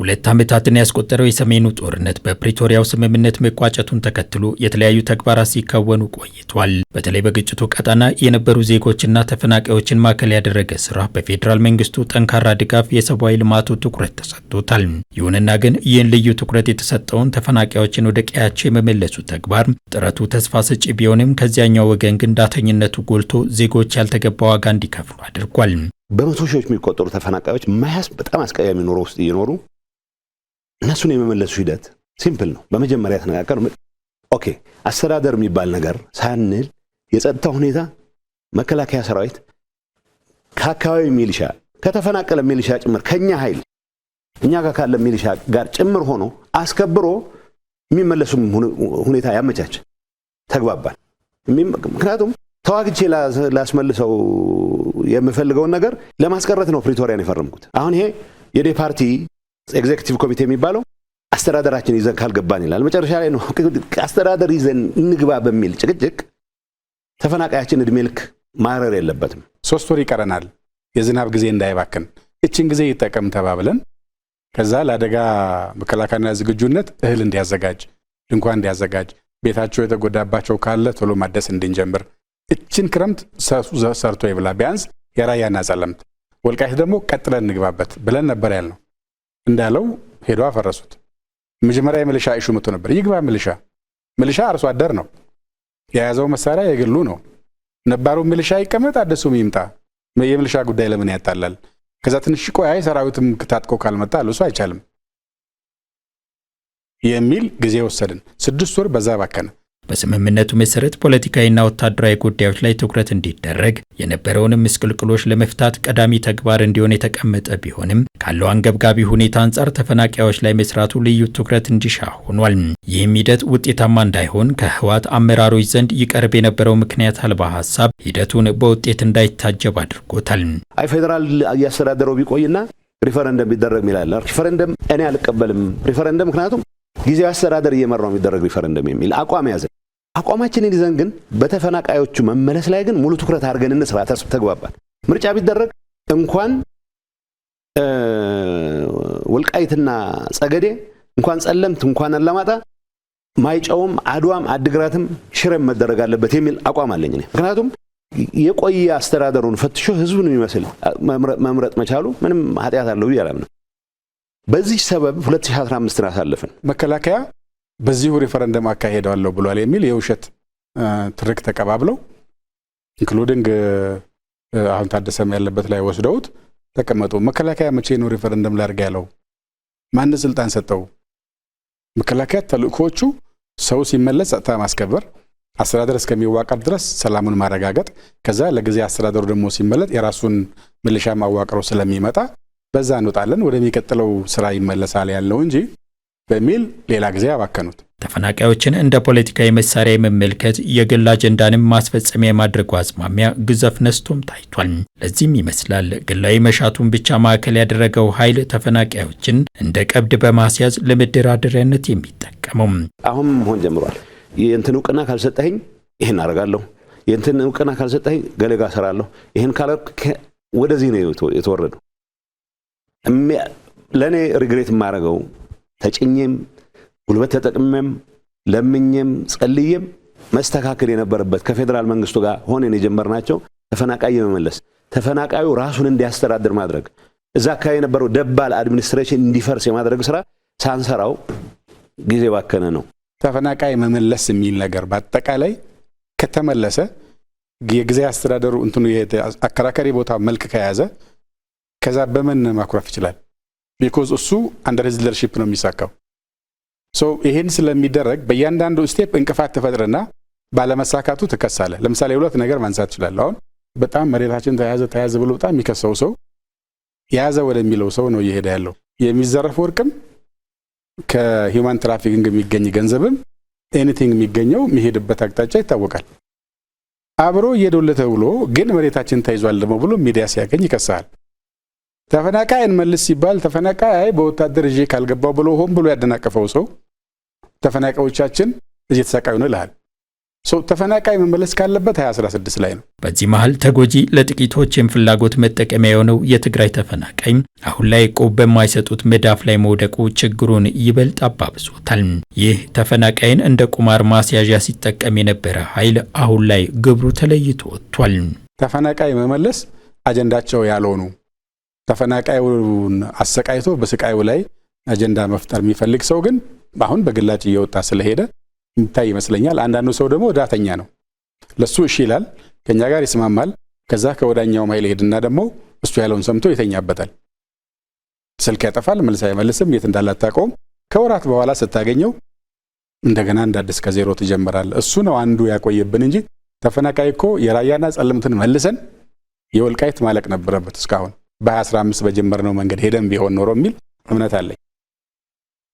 ሁለት ዓመታትን ያስቆጠረው የሰሜኑ ጦርነት በፕሪቶሪያው ስምምነት መቋጨቱን ተከትሎ የተለያዩ ተግባራት ሲከወኑ ቆይቷል። በተለይ በግጭቱ ቀጠና የነበሩ ዜጎችና ተፈናቃዮችን ማዕከል ያደረገ ስራ በፌዴራል መንግስቱ ጠንካራ ድጋፍ የሰብአዊ ልማቱ ትኩረት ተሰጥቶታል። ይሁንና ግን ይህን ልዩ ትኩረት የተሰጠውን ተፈናቃዮችን ወደ ቀያቸው የመመለሱ ተግባር ጥረቱ ተስፋ ሰጪ ቢሆንም ከዚያኛው ወገን ግን ዳተኝነቱ ጎልቶ ዜጎች ያልተገባ ዋጋ እንዲከፍሉ አድርጓል። በመቶ ሺዎች የሚቆጠሩ ተፈናቃዮች መያዝ በጣም አስቀያሚ ኑሮ ውስጥ እየኖሩ እነሱን የመመለሱ ሂደት ሲምፕል ነው። በመጀመሪያ ተነጋገር። ኦኬ አስተዳደር የሚባል ነገር ሳንል የጸጥታ ሁኔታ መከላከያ ሰራዊት ከአካባቢ ሚሊሻ ከተፈናቀለ ሚሊሻ ጭምር ከኛ ኃይል እኛ ጋር ካለ ሚሊሻ ጋር ጭምር ሆኖ አስከብሮ የሚመለሱም ሁኔታ ያመቻች ተግባባል። ምክንያቱም ተዋግቼ ላስመልሰው የምፈልገውን ነገር ለማስቀረት ነው ፕሪቶሪያን የፈረምኩት። አሁን ይሄ የዴ ፓርቲ ኤግዜክቲቭ ኮሚቴ የሚባለው አስተዳደራችን ይዘን ካልገባን ይላል። መጨረሻ ላይ ነው አስተዳደር ይዘን እንግባ በሚል ጭቅጭቅ ተፈናቃያችን እድሜ ልክ ማረር የለበትም። ሶስት ወር ይቀረናል፣ የዝናብ ጊዜ እንዳይባክን እችን ጊዜ ይጠቀም ተባብለን ከዛ ለአደጋ መከላከልና ዝግጁነት እህል እንዲያዘጋጅ፣ ድንኳን እንዲያዘጋጅ፣ ቤታቸው የተጎዳባቸው ካለ ቶሎ ማደስ እንድንጀምር እችን ክረምት ሰርቶ ይብላ ቢያንስ የራያና ጸለምት ወልቃይት ደግሞ ቀጥለን እንግባበት ብለን ነበር ያልነው። እንዳለው ሄዶ አፈረሱት። መጀመሪያ የሚሊሻ ኢሹ መጥቶ ነበር። ይግባ ሚሊሻ ሚሊሻ አርሶ አደር ነው የያዘው መሳሪያ የግሉ ነው። ነባሩ ሚሊሻ ይቀመጥ፣ አደሱም ይምጣ። የሚሊሻ ጉዳይ ለምን ያጣላል? ከዛ ትንሽ ቆይ ሰራዊትም ታጥቆ ካልመጣ ልሱ አይቻልም የሚል ጊዜ ወሰድን። ስድስት ወር በዛ ባከነ። በስምምነቱ መሰረት ፖለቲካዊና ወታደራዊ ጉዳዮች ላይ ትኩረት እንዲደረግ የነበረውንም ምስቅልቅሎች ለመፍታት ቀዳሚ ተግባር እንዲሆን የተቀመጠ ቢሆንም ካለው አንገብጋቢ ሁኔታ አንጻር ተፈናቃዮች ላይ መስራቱ ልዩ ትኩረት እንዲሻ ሆኗል። ይህም ሂደት ውጤታማ እንዳይሆን ከህወሓት አመራሮች ዘንድ ይቀርብ የነበረው ምክንያት አልባ ሀሳብ ሂደቱን በውጤት እንዳይታጀብ አድርጎታል። አይ ፌዴራል እያስተዳደረው ቢቆይና ሪፈረንደም ቢደረግ ሚላል ሪፈረንደም እኔ አልቀበልም። ሪፈረንደም ምክንያቱም ጊዜያዊ አስተዳደር እየመራው የሚደረግ ሪፈረንደም የሚል አቋም ያዘ። አቋማችንን ይዘን ግን በተፈናቃዮቹ መመለስ ላይ ግን ሙሉ ትኩረት አድርገን እንስራ ተግባባል። ምርጫ ቢደረግ እንኳን ወልቃይትና ጸገዴ እንኳን ጸለምት እንኳን አላማጣ ማይጨውም አድዋም አድግራትም ሽረም መደረግ አለበት የሚል አቋም አለኝ። ምክንያቱም የቆየ አስተዳደሩን ፈትሾ ህዝቡን የሚመስል መምረጥ መቻሉ ምንም ኃጢአት አለው ያለም ነው። በዚህ ሰበብ 2015ን አሳልፍን መከላከያ በዚሁ ሪፈረንደም አካሄደዋለሁ ብሏል የሚል የውሸት ትርክ ተቀባብለው ኢንክሉዲንግ አሁን ታደሰም ያለበት ላይ ወስደውት ተቀመጡ። መከላከያ መቼ ነው ሪፈረንደም ላድርግ ያለው? ማን ስልጣን ሰጠው? መከላከያ ተልእኮቹ ሰው ሲመለስ ጸጥታ ማስከበር፣ አስተዳደር እስከሚዋቀር ድረስ ሰላሙን ማረጋገጥ፣ ከዛ ለጊዜ አስተዳደሩ ደግሞ ሲመለጥ የራሱን ምልሻ ማዋቅሮ ስለሚመጣ በዛ እንወጣለን ወደሚቀጥለው ስራ ይመለሳል ያለው እንጂ በሚል ሌላ ጊዜ ያባከኑት ተፈናቃዮችን እንደ ፖለቲካዊ መሳሪያ የመመልከት የግል አጀንዳንም ማስፈጸሚያ የማድረጉ አዝማሚያ ግዘፍ ነስቶም ታይቷል። ለዚህም ይመስላል ግላዊ መሻቱን ብቻ ማዕከል ያደረገው ኃይል ተፈናቃዮችን እንደ ቀብድ በማስያዝ ለመደራደሪያነት የሚጠቀመው። አሁን መሆን ጀምሯል። የእንትን እውቅና ካልሰጠኝ ይህን አደርጋለሁ፣ የእንትን እውቅና ካልሰጠኝ ገለጋ ሰራለሁ፣ ይህን ካለ ወደዚህ ነው የተወረዱ ለእኔ ሪግሬት የማደርገው ተጭኜም ጉልበት ተጠቅሜም ለምኜም ጸልዬም መስተካከል የነበረበት ከፌዴራል መንግስቱ ጋር ሆነን የጀመርናቸው ተፈናቃይ የመመለስ ተፈናቃዩ ራሱን እንዲያስተዳድር ማድረግ እዛ አካባቢ የነበረው ደባል አድሚኒስትሬሽን እንዲፈርስ የማድረግ ስራ ሳንሰራው ጊዜ ባከነ ነው። ተፈናቃይ መመለስ የሚል ነገር በአጠቃላይ ከተመለሰ የጊዜ አስተዳደሩ እንትኑ አከራካሪ ቦታ መልክ ከያዘ ከዛ በምን ማኩረፍ ይችላል? ቢኮዝ እሱ አንደር ሂዝ ሊደርሺፕ ነው የሚሳካው። ይህን ስለሚደረግ በእያንዳንዱ ስቴፕ እንቅፋት ተፈጥረና ባለመሳካቱ ትከሳለ። ለምሳሌ ሁለት ነገር ማንሳት እችላለሁ። አሁን በጣም መሬታችን ተያዘ ተያዘ ብሎ በጣም የሚከሰው ሰው የያዘ ወደሚለው ሰው ነው እየሄደ ያለው። የሚዘረፍ ወርቅም ከሂውማን ትራፊኪንግ የሚገኝ ገንዘብም ኤኒቲንግ የሚገኘው የሚሄድበት አቅጣጫ ይታወቃል። አብሮ እየዶለተ ብሎ ግን መሬታችን ተይዟል ደግሞ ብሎ ሚዲያ ሲያገኝ ይከሳል። ተፈናቃይ መልስ ሲባል ተፈናቃይ በወታደር ይዤ ካልገባው ብሎ ሆን ብሎ ያደናቀፈው ሰው ተፈናቃዮቻችን እየተሰቃዩ ነው ይልሃል። ተፈናቃይ መመለስ ካለበት 2016 ላይ ነው። በዚህ መሃል ተጎጂ ለጥቂቶች የፍላጎት መጠቀሚያ የሆነው የትግራይ ተፈናቃይ አሁን ላይ ቆብ በማይሰጡት መዳፍ ላይ መውደቁ ችግሩን ይበልጥ አባብሶታል። ይህ ተፈናቃይን እንደ ቁማር ማስያዣ ሲጠቀም የነበረ ኃይል አሁን ላይ ግብሩ ተለይቶ ወጥቷል። ተፈናቃይ መመለስ አጀንዳቸው ያልሆኑ ተፈናቃዩን አሰቃይቶ በስቃዩ ላይ አጀንዳ መፍጠር የሚፈልግ ሰው ግን አሁን በግላጭ እየወጣ ስለሄደ የሚታይ ይመስለኛል። አንዳንዱ ሰው ደግሞ ዳተኛ ነው። ለሱ እሺ ይላል፣ ከኛ ጋር ይስማማል። ከዛ ከወዳኛውም ኃይል ሄድና ደግሞ እሱ ያለውን ሰምቶ ይተኛበታል። ስልክ ያጠፋል፣ መልስ አይመልስም፣ የት እንዳላታቀውም። ከወራት በኋላ ስታገኘው እንደገና እንዳዲስ ከዜሮ ትጀምራል። እሱ ነው አንዱ ያቆየብን እንጂ ተፈናቃይ እኮ የራያና ጸልምትን መልሰን የወልቃይት ማለቅ ነበረበት እስካሁን በ2015 በጀመርነው መንገድ ሄደን ቢሆን ኖሮ የሚል እምነት አለኝ።